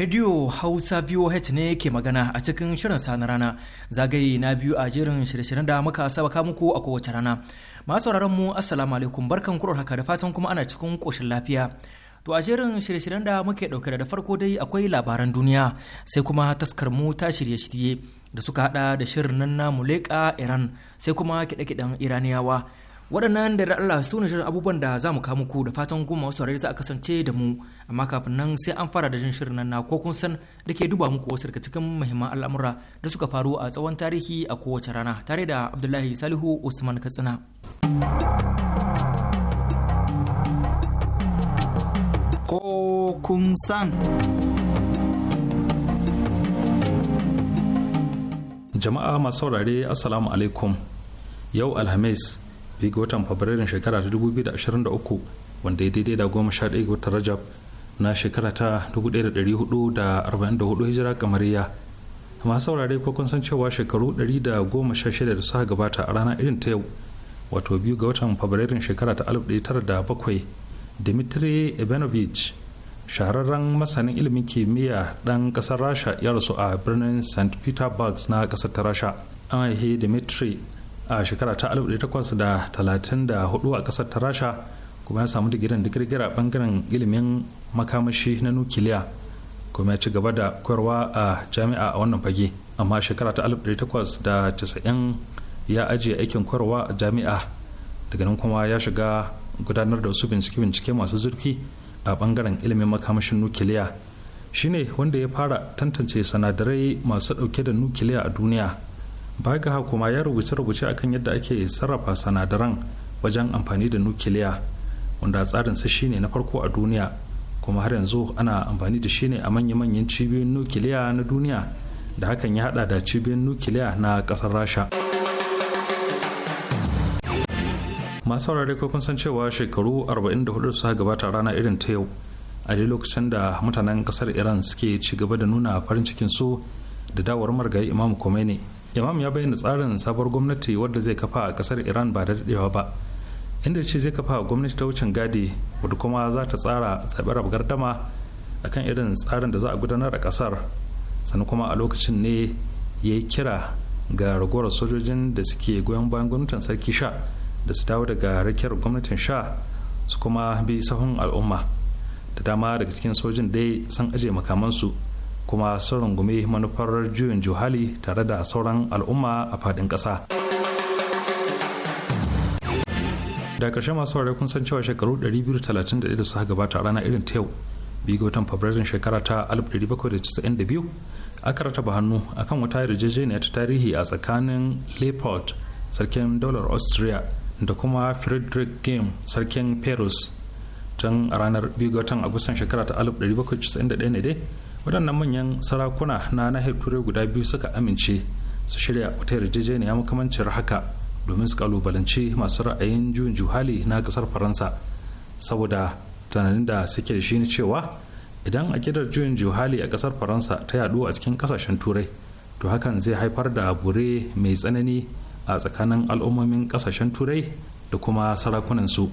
Radio Hausa VOH ne ke magana a cikin shirin sa na rana zagaye na biyu a jerin shirye-shiryen da muka saba muku a kowace rana. Masu sauraron mu assalamu alaikum barkan kurar haka da fatan kuma ana cikin koshin lafiya. To a jerin shirye-shiryen da muke dauke da farko dai akwai labaran duniya sai kuma taskar mu ta shirye-shirye da suka hada da shirin nan na Muleka Iran sai kuma kiɗe-kiɗen Iraniyawa waɗannan da Allah su ne shirin abubuwan da za mu kamu ku da fatan goma wasu za a kasance da mu amma kafin nan sai an fara da jin shirin nan na ko kun san da ke duba muku wasu daga cikin muhimman al'amura da suka faru a tsawon tarihi a kowace rana tare da Abdullahi Salihu Usman Katsina. Ko kun san. Jama'a masu saurare Assalamu alaikum. Yau Alhamis biyu ga watan fabrairun shekara ta 2023 wanda ya daidai da goma sha ɗaya ga watan rajab na shekara ta 1444 hijira kamariya amma saurare ko kun san cewa shekaru 116 da suka gabata a rana irin ta yau wato biyu ga watan fabrairun shekara ta 1907 dimitri ivanovich shahararren masanin ilimin kimiyya ɗan ƙasar rasha ya rasu a birnin st petersburg na ƙasar ta rasha an haihe dimitri a shekara ta 1834 a kasar ta rasha kuma ya samu digirin digirgira bangaren ilimin makamashi na nukiliya kuma ya ci gaba da koyarwa a jami'a a wannan fage amma shekara ta 1890 ya ajiye aikin koyarwa a jami'a daga nan kuma ya shiga gudanar da wasu bincike-bincike masu zurfi a bangaren ilimin makamashin nukiliya shine wanda ya fara tantance sanadarai masu dauke da nukiliya a duniya baga kuma ya rubuce-rubuce akan yadda ake sarrafa sanadaran wajen amfani da nukiliya wanda tsarin sa shine na farko a duniya kuma har yanzu ana amfani da shi ne a manya-manyan cibiyoyin nukiliya na duniya da hakan ya hada da cibiyoyin nukiliya na kasar rasha masu saurare ko kun san cewa shekaru 44 su gabata rana irin ta yau a dai lokacin da mutanen kasar iran suke ci gaba da nuna farin cikin su da dawar margayi imam khomeini imam ya bayyana tsarin sabuwar gwamnati wadda zai kafa a kasar iran ba da daɗewa ba inda ce zai kafa gwamnati ta wucin gadi wadda kuma za ta tsara zaɓen gardama kan irin tsarin da za a gudanar a kasar sannan kuma a lokacin ne ya yi kira ga ragowar sojojin da suke goyon bayan gwamnatin sarki sha da su dawo daga rakiyar gwamnatin sha su kuma bi sahun al'umma da dama daga cikin sojin dai sun aje makamansu kuma sun rungume manufar juyin juhali tare da sauran al'umma a fadin ƙasa. da ƙarshe masu ware kun san cewa shekaru 231 da suka gabata a rana irin ta yau biyu watan fabrairun shekara ta 1792 aka rataba hannu akan wata yarjejeniya ta tarihi a tsakanin leopold sarkin daular austria da kuma frederick game sarkin perus tun a ranar biyu watan agustan shekara ta 1791 ne dai waɗannan manyan sarakuna na nahiyar turai guda biyu suka amince su shirya wata yarjejeniya makamancin haka domin su kalubalance masu ra'ayin juyin juhali na ƙasar faransa saboda tunanin da suke da shi na cewa idan akidar juyin juhali a ƙasar faransa ta yaɗu a cikin ƙasashen turai to hakan zai haifar da bure mai tsanani a tsakanin al'ummomin ƙasashen turai da kuma sarakunan su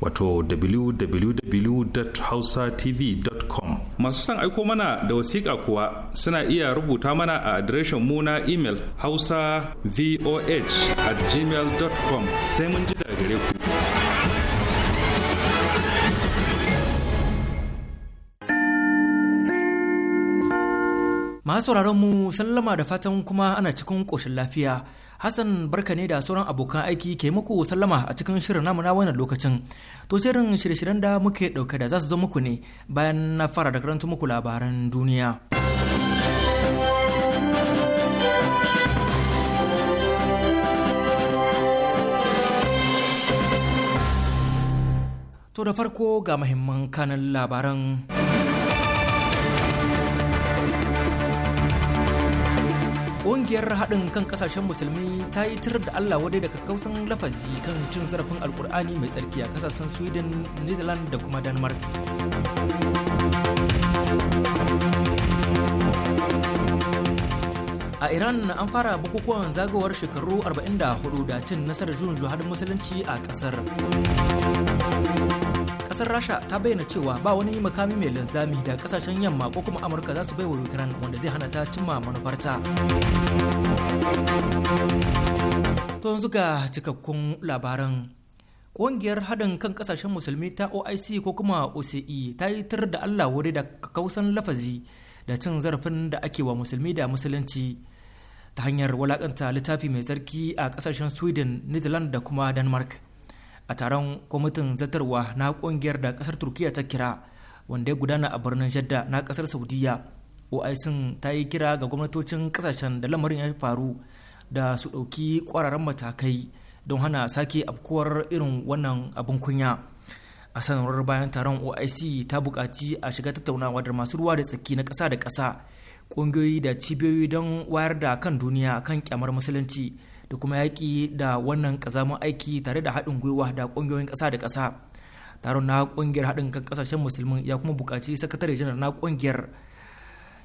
wato www.hausatv.com masu son aiko mana da wasiƙa kuwa suna iya rubuta mana a adireshin mu na imel hausa voh at gmail.com sai mun ji da gare ku masu mu sallama da fatan kuma ana cikin ƙoshin lafiya Hassan barka ne da sauran abokan aiki ke muku sallama a cikin shirin namu na wannan lokacin. To shirin shirye-shiryen da muke dauke da za su zo muku ne bayan na fara da karanta muku labaran duniya. To da farko ga mahimman kanan labaran. Ƙungiyar haɗin kan kasashen musulmi ta yi tir da Allah wadai da kakkausan lafazi kan cin zarafin alkur'ani mai tsarki a kasashen Sweden, New Zealand da kuma Denmark. A Iran an fara bukukuwan zagawar shekaru 44 da cin nasarar juhun juhadin musulunci a ƙasar. kasar rasha ta bayyana cewa ba wani makami mai linzami da kasashen yamma ko kuma amurka za su bai wa ukraine wanda zai hana ta cimma manufarta to yanzu ga cikakkun labaran ƙungiyar haɗin kan ƙasashen musulmi ta oic ko kuma oce ta yi tar da allah wuri da kausan lafazi da cin zarafin da ake wa musulmi da musulunci ta hanyar walakanta littafi mai tsarki a kasashen sweden netherlands da kuma denmark a taron kwamitin zartarwa na kungiyar da kasar turkiya ta kira wanda ya gudana a birnin jadda na kasar saudiya oic ta yi kira ga gwamnatocin kasashen da lamarin ya faru da su ɗauki kwararren matakai don hana sake afkuwar irin wannan abin kunya a sanarwar bayan taron oic ta buƙaci a shiga tattaunawa da masu ruwa da tsaki na ƙasa da ƙasa ƙungiyoyi da cibiyoyi don wayar da kan duniya kan kyamar musulunci da kuma yaƙi da wannan ƙazamin aiki tare da haɗin gwiwa da ƙungiyoyin ƙasa da ƙasa taron na ƙungiyar haɗin kan ƙasashen musulmin ya kuma buƙaci sakatare janar na ƙungiyar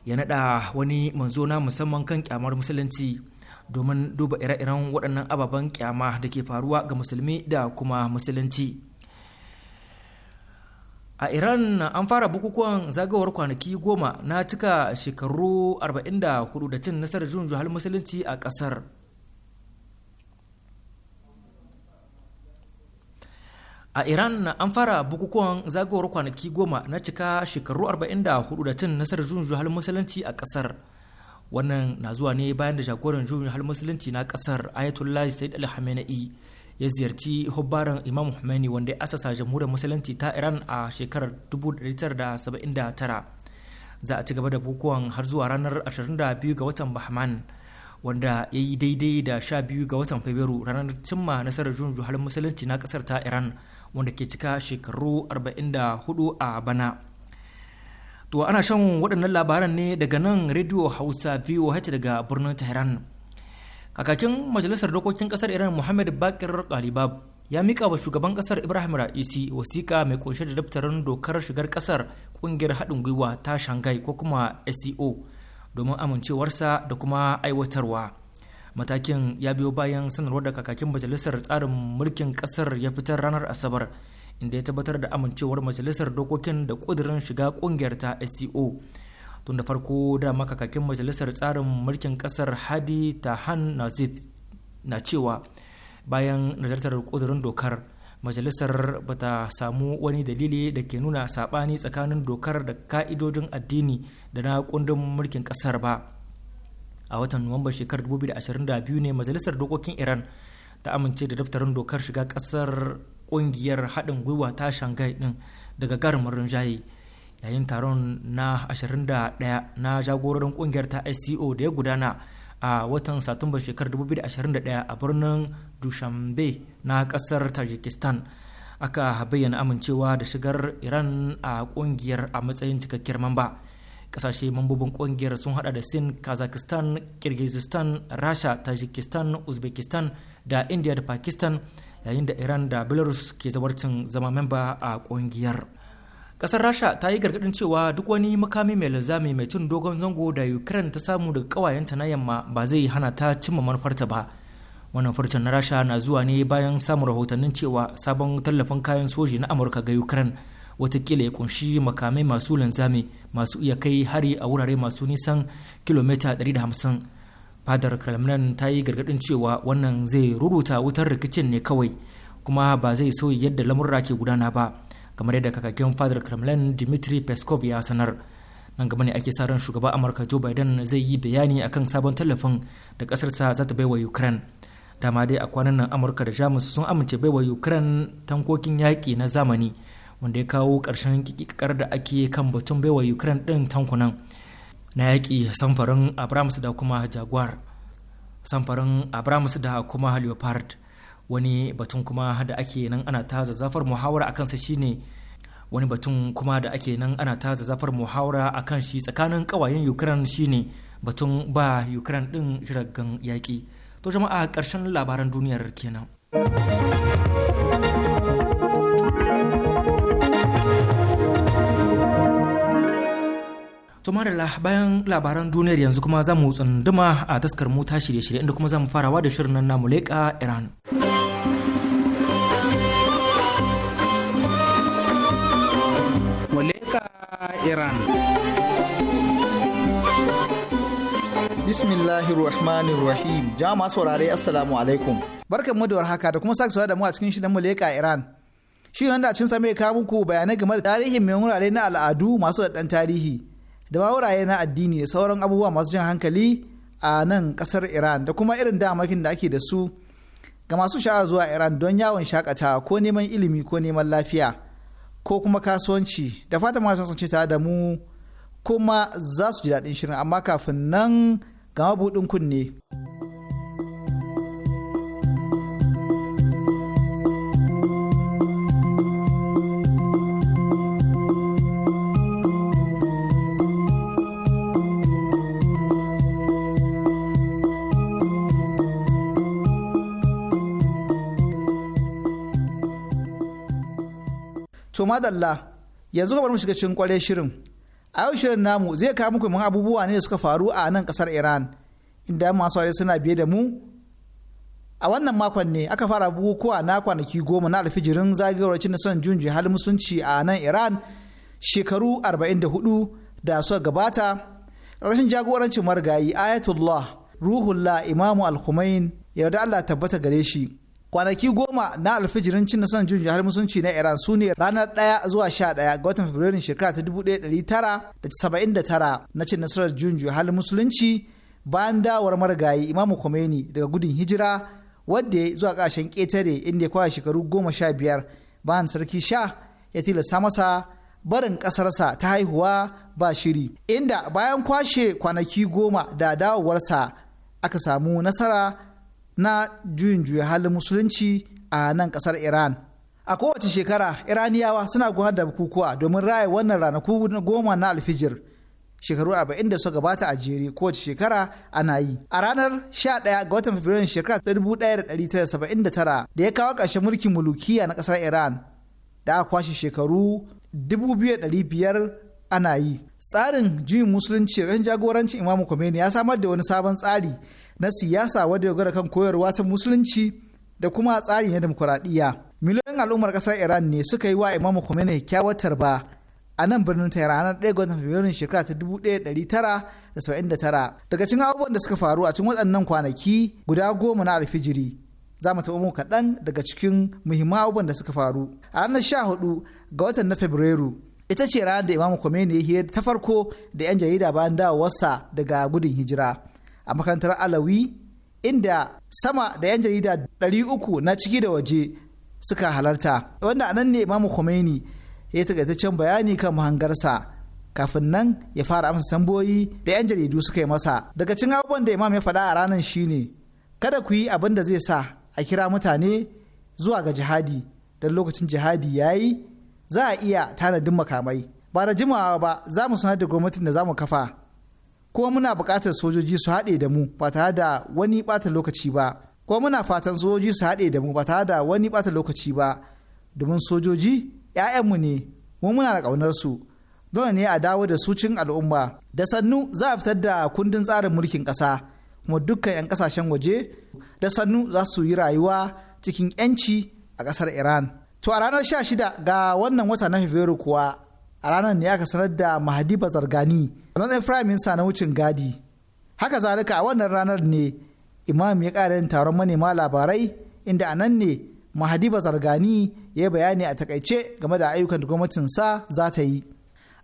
ya naɗa wani manzo na musamman kan kyamar musulunci domin duba ire-iren waɗannan ababen kyama da ke faruwa ga musulmi da kuma musulunci a iran an fara bukukuwan zagawar kwanaki goma na cika shekaru 44 da cin nasarar jun musulunci a ƙasar a iran an fara bukukuwan zagawar kwanaki goma na cika shekaru 44 da cin nasarar juyin halin musulunci a kasar wannan na zuwa ne bayan da jagoran juyin halin musulunci na kasar ayatollah said al khamenei ya ziyarci hubbaran imam khomeini wanda ya asasa jamhuriyar musulunci ta iran a shekarar 1979 za a ci gaba da bukukuwan har zuwa ranar 22 ga watan bahman wanda ya yi daidai da 12 ga watan fabrairu ranar cimma nasarar juyin halin musulunci na kasar ta iran wanda ke cika shekaru 44 a bana to ana shan waɗannan labaran ne daga nan rediyo hausa voh daga birnin tehran kakakin majalisar dokokin ƙasar iran muhammad bakir kalibab ya mika wa shugaban ƙasar ibrahim ra'isi wasiƙa mai ƙunshe da daftarin dokar shigar ƙasar ƙungiyar haɗin gwiwa ta shanghai ko kuma sco e domin amincewarsa da kuma aiwatarwa matakin ya biyo bayan sanarwar da kakakin majalisar tsarin mulkin kasar ya fitar ranar asabar inda ya tabbatar da amincewar majalisar dokokin da kudirin shiga kungiyar ta sco e tun da farko da makakakin majalisar tsarin mulkin kasar hadi tahan nazif na cewa bayan nazartar kudirin dokar majalisar ba ta samu wani dalili da ke nuna saɓani tsakanin dokar da ka'idodin addini da na kundin mulkin kasar ba a watan nuwamban shekarar 2022 ne majalisar dokokin iran ta amince da daftarin dokar shiga kasar kungiyar haɗin gwiwa ta shanghai din daga garimin rinjaye yayin taron na 21 na jagororin kungiyar ta sco da ya gudana a watan satumbar shekarar 2021 a birnin dushanbe na kasar tajikistan aka bayyana amincewa da shigar iran a kungiyar a matsayin cikakkiyar mamba kasashe mambobin kungiyar sun hada da sin kazakistan kirgizistan rasha tajikistan uzbekistan da india da pakistan yayin da iran da belarus ke zawarcin zama memba a kungiyar kasar rasha ta yi gargadin cewa duk wani makami mai linzami mai cin dogon zango da ukraine ta samu daga kawayenta na yamma ba zai hana ta cimma manufarta ba wannan furcin na rasha na zuwa ne bayan samun rahotannin cewa sabon tallafin kayan soji na amurka ga ukraine watakila ya kunshi makamai masu linzami masu iya kai hari a wurare masu nisan kilomita 150 fadar kremlin ta yi gargadin cewa wannan zai rubuta wutar rikicin ne kawai kuma ba zai sauyi yadda lamurra ke gudana ba kamar yadda kakakin fadar kremlin dimitri peskov ya sanar nan gaba ne ake sa ran shugaban amurka joe biden zai yi bayani akan sabon tallafin da kasarsa za ta baiwa ukraine dama dai a kwanan nan amurka da jamus sun amince baiwa ukraine tankokin yaƙi na zamani wanda ya kawo ƙarshen kikikar da ake kan batun baiwa ukraine ɗin tankunan na yaƙi samfarin abrams da kuma jaguar samfarin abrams da kuma leopard wani batun kuma da ake nan ana ta zazzafar muhawara a kansa shine wani batun kuma da ake nan ana ta zazzafar muhawara kan shi tsakanin kawayen ukraine shine batun ba ukraine din shiragen yaƙi to jama'a ƙarshen labaran duniyar kenan To da bayan labaran duniyar yanzu kuma za mu tsunduma a taskar mu ta shirye-shirye inda kuma za mu farawa da shirin nan namu leƙa Iran. Iran. Bismillahir Rahmanir Rahim. Jama'a saurare Assalamu alaikum. Barkan mu da warhaka da kuma sake da mu a cikin shirin Muleka Iran. Shi wanda a cikin sa mai muku bayanai game da tarihin mai wurare na al'adu masu da tarihi. da wuraye na addini da sauran abubuwa masu jan hankali a nan kasar iran da kuma irin damakin da ake da su ga masu sha'awar zuwa iran don yawon shakatawa ko neman ilimi ko neman lafiya ko kuma kasuwanci da fata masu sun tare da mu kuma za su ji daɗin shirin amma kafin nan ga mabuɗin kunne. madalla yanzu ka bar mu shiga cikin kwale shirin a yau shirin namu zai kawo muku mun abubuwa ne da suka faru a nan kasar iran inda masu aure suna biye da mu a wannan makon ne aka fara bukukuwa na kwanaki goma na alfijirin zagayowar cin son junji hal musunci a nan iran shekaru 44 da suka gabata rashin jagorancin marigayi ayatollah ruhullah imamu al-humain yarda allah tabbata gare shi kwanaki goma na alfijirin cin nasarar jin jihar musulunci na iran su ne ranar 1 zuwa 11 ga watan fabrairun shekara ta 1979 na cin nasarar jin jihar musulunci bayan dawar marigayi imamu khomeini daga gudun hijira wadda ya zuwa kashen ketare inda ya kwaya shekaru goma sha biyar bayan sarki sha ya tilasta masa barin kasarsa ta haihuwa ba shiri inda bayan kwashe kwanaki goma da dawowarsa aka samu nasara na juyin juya halin musulunci a nan kasar Iran. A kowace shekara Iraniyawa suna gudanar da bukukuwa domin raya wannan ranaku goma na alfijir. Shekaru arba'in da suka gabata a jere kowace shekara ana yi. A ranar 11 ga watan Fabrairu shekara ta 1979 da ya kawo ƙarshen mulkin mulukiya na kasar Iran da aka kwashe shekaru 2,500 ana yi. Tsarin juyin musulunci rashin jagorancin Imam Khomeini ya samar da wani sabon tsari na siyasa wadda dogara kan koyarwa ta musulunci da kuma tsari na demokuraɗiyya. Miliyoyin al'ummar ƙasar Iran ne suka yi wa Imam Khomeini kyawatar ba a nan birnin ta ranar 1 ga Fabrairun shekara ta 1979. Daga cikin abubuwan da suka faru a cikin waɗannan kwanaki guda goma na alfijiri. Za mu taɓa mu kaɗan daga cikin muhimman abubuwan da suka faru. A ranar 14 ga watan na Fabrairu ita ce ranar da Imam Khomeini ya hira ta farko da 'yan jarida bayan dawowarsa daga gudun hijira. a makarantar alawi inda sama da 'yan jarida ɗari uku na ciki da waje suka halarta wanda anan ne imamu khomeini ya takaitaccen bayani kan muhangarsa kafin nan ya fara amsa tamboyi da 'yan jaridu suka yi masa daga cin abubuwan da imam ya faɗa a ranar shine kada ku yi abin da zai sa a kira mutane zuwa ga jihadi don lokacin jihadi ya yi za a iya tanadin makamai ba da jimawa ba za mu sanar da gwamnatin da za mu kafa kuma muna buƙatar sojoji su haɗe da mu ba tare da wani ɓata lokaci ba kuma muna fatan sojoji su haɗe da mu ba tare da wani ɓata lokaci ba domin sojoji ƴaƴanmu ne mu muna da ƙaunar su dole ne a dawo da su cin al'umma da sannu za a fitar da kundin tsarin mulkin ƙasa kuma dukkan 'yan ƙasashen waje da sannu za su yi rayuwa cikin 'yanci a ƙasar iran to a ranar 16 ga wannan wata na fabrairu kuwa a ranar ne aka sanar da mahadi bazargani a matsayin firaminista na wucin gadi haka zalika a wannan ranar ne imam ya ƙara yin taron manema labarai inda a nan ne mahadi bazargani ya bayani a takaice game da ayyukan da gwamnatinsa za ta yi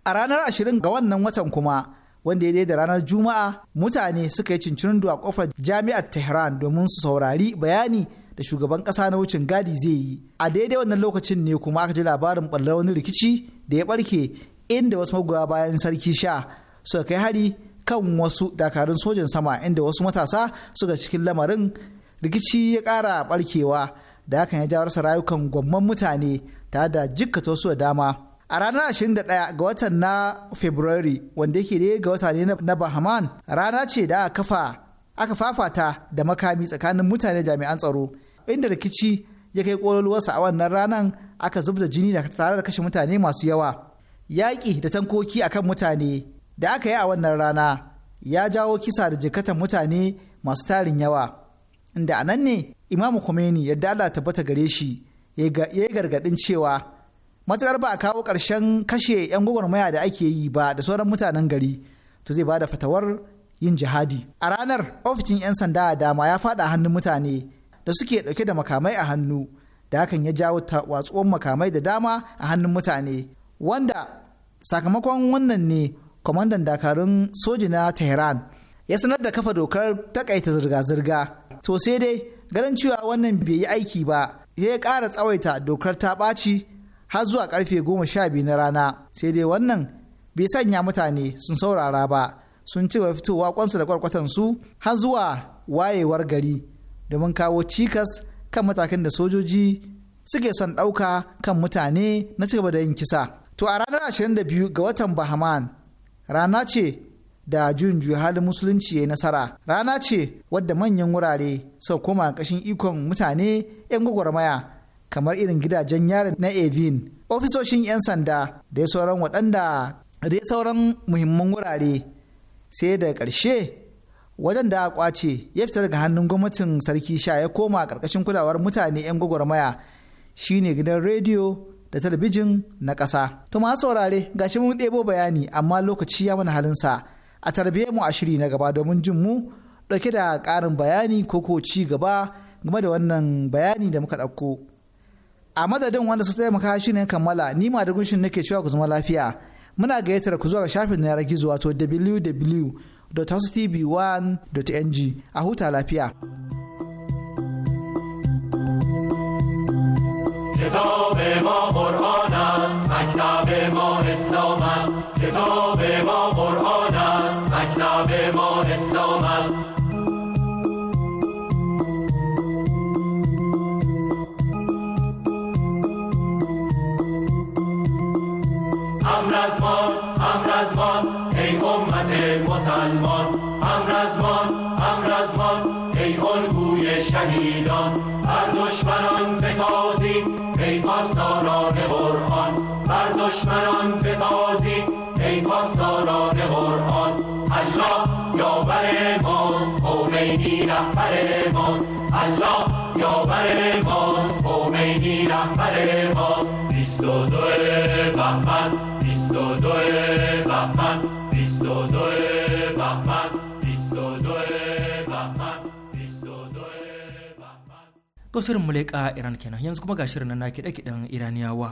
a ranar ashirin ga wannan watan kuma wanda ya da ranar juma'a mutane suka yi cincirin a kofar jami'ar tehran domin su saurari bayani da shugaban ƙasa na wucin gadi zai yi a daidai wannan lokacin ne kuma aka ji labarin ɓallar wani rikici da ya barke inda wasu magoya bayan sarki sha suka kai hari kan wasu dakarun sojan sama inda wasu matasa suka cikin lamarin rikici ya kara barkewa da hakan ya jawar rayukan gwamman mutane ta da jikkata su da dama. A ranar 21 ga watan na february wanda yake dai ga wata na Bahaman rana ce da aka kafa aka fafata da makami tsakanin mutane jami'an tsaro inda rikici ya kai kololuwarsa a wannan ranar aka zub da jini da tare da kashe mutane masu yawa yaƙi da tankoki akan mutane da aka yi a wannan rana ya jawo kisa da jikatan mutane masu tarin yawa inda a nan ne imamu Khomeini yadda Allah tabbata gare shi ya yi gargaɗin cewa matuƙar ba a kawo ƙarshen kashe 'yan gwagwarmaya da ake yi ba da sauran mutanen gari to zai ba da fatawar yin jihadi a ranar ofishin 'yan sanda a dama ya faɗa hannun mutane da suke ɗauke da makamai a hannu da hakan ya jawo watsuwar makamai da dama a hannun mutane wanda sakamakon wannan ne kwamandan dakarun soji na tehran ya sanar da kafa dokar takaita zirga-zirga to sai dai ganin cewa wannan bai yi aiki ba ya kara tsawaita dokar ta ɓaci har zuwa karfe goma sha biyu na rana sai dai wannan bai sanya mutane sun saurara ba sun ci fitowa kwansu da kwarkwatansu har zuwa wayewar gari domin kawo cikas kan matakan da sojoji suke son ɗauka kan mutane na cigaba da yin kisa. To a ranar 22 ga watan Bahaman rana ce da juyin halin musulunci ya nasara rana ce wadda manyan wurare sau koma ƙashin ikon mutane 'yan gwagwarmaya kamar irin gidajen yarin na evin ofisoshin 'yan sanda da sauran waɗanda da sauran muhimman wurare sai da ƙarshe wajen da a kwace ya fita daga hannun gwamnatin sarki sha ya koma karkashin kulawar mutane 'yan gwagwarmaya shine gidan rediyo da talabijin na ƙasa. To masu saurare gashi mun ɗebo bayani amma lokaci ya mana halin sa a tarbiyyar mu a shiri na gaba domin jin mu ɗauke da ƙarin bayani ko ko ci gaba game da wannan bayani da muka ɗauko. A madadin wanda su taimaka shi ne kammala ni ma da gunshin nake cewa ku zama lafiya. Muna gayyatar ku zuwa shafin na yara gizo wato www www.housetv1.ng a huta lafiya. کتاب ما قرآن است مکتب ما اسلام است کتاب to shirin muleka iran kenan yanzu kuma ga shirin na kiɗe-kiɗen iraniyawa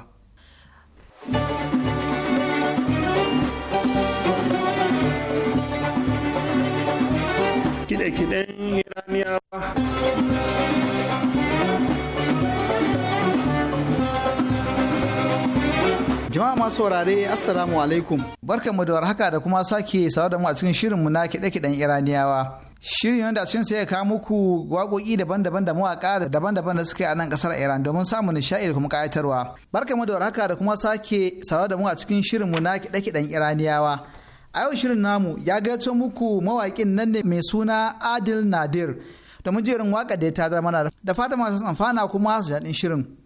kiɗe-kiɗen iraniyawa jama'a masu warare, assalamu alaikum barkanmu da warhaka da kuma sake sawa da mu a cikin shirinmu na kiɗe-kiɗen iraniyawa Shirin yadda a sai ya muku waƙoƙi daban-daban da mawaƙa daban-daban da suka yi a nan ƙasar Iran domin samun nishaɗi da kuma ƙayatarwa. Barka mu da warhaka da kuma sake sawa da mu a cikin shirin mu na kiɗe-kiɗen Iraniyawa. A yau shirin namu ya gaito muku mawaƙin nan ne mai suna Adil Nadir domin jerin waƙa da ya tadar mana da fata masu amfana kuma su jaɗin shirin.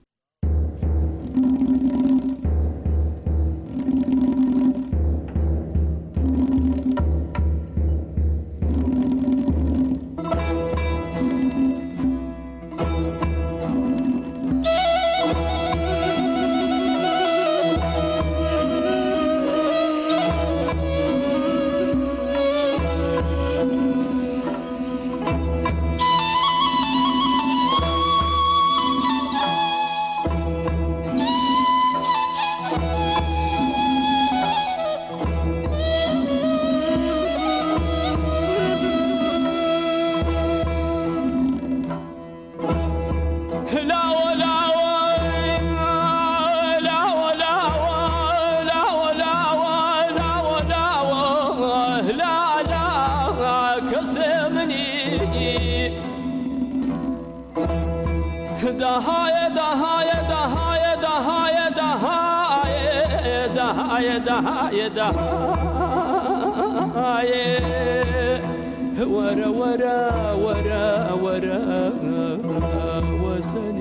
يدا ورا ورا ورا ورا وتني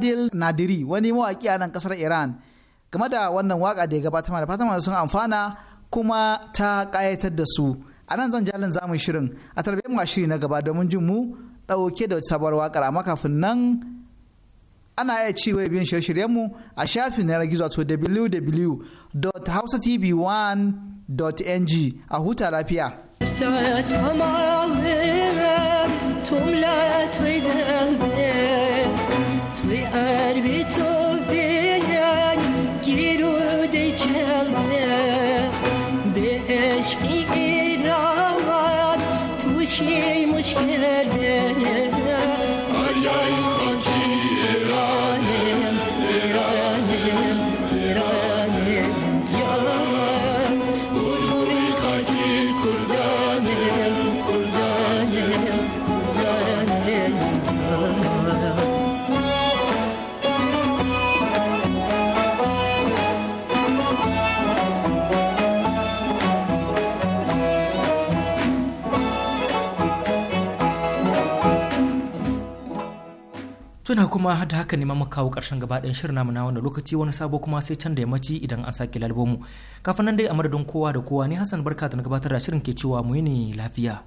Adil Nadiri wani mawaki a nan kasar Iran game da wannan waka da ya gabatar da fatan sun amfana kuma ta kayatar da su. A nan zan jalin zamun shirin a mu ma shiri na gaba domin jin mu ɗauke da sabuwar wakar amma kafin nan ana iya ci wai biyan shirye mu a shafin na gizo to www.hausatv1.ng a huta lafiya. تمام Ervitobiyen giru de çelme Be eşki suna kuma da haka neman mu kawo karshen gabaɗayan shirin namu na wannan lokaci wani sabo kuma sai can da yammaci idan an sake lalbomu kafin nan dai a madadin kowa da kowa ne hassan barka da na gabatar da shirin ke cewa mu yi ne lafiya